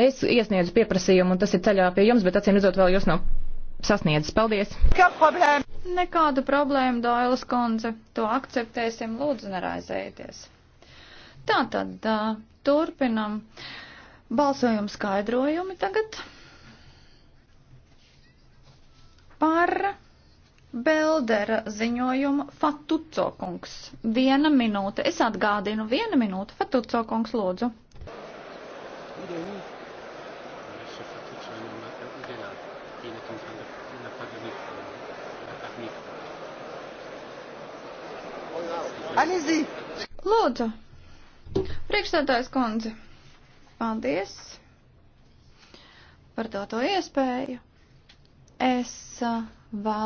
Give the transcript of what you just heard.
Es iesniedzu pieprasījumu, un tas ir ceļā pie jums, bet acīm redzot, vēl jūs nav sasniedzis. Paldies! Problēma? Nekādu problēmu, Dailas kundze. To akceptēsim, lūdzu, neraizējieties. Tātad turpinam balsojumu skaidrojumi tagad par Beldera ziņojumu Fatuco kungs. Viena minūte. Es atgādinu, viena minūte. Fatuco kungs, lūdzu. Ideja. Allez-y! Lūdzu! Priekšstādājs kundze, paldies par doto iespēju. Es vēl. Uh,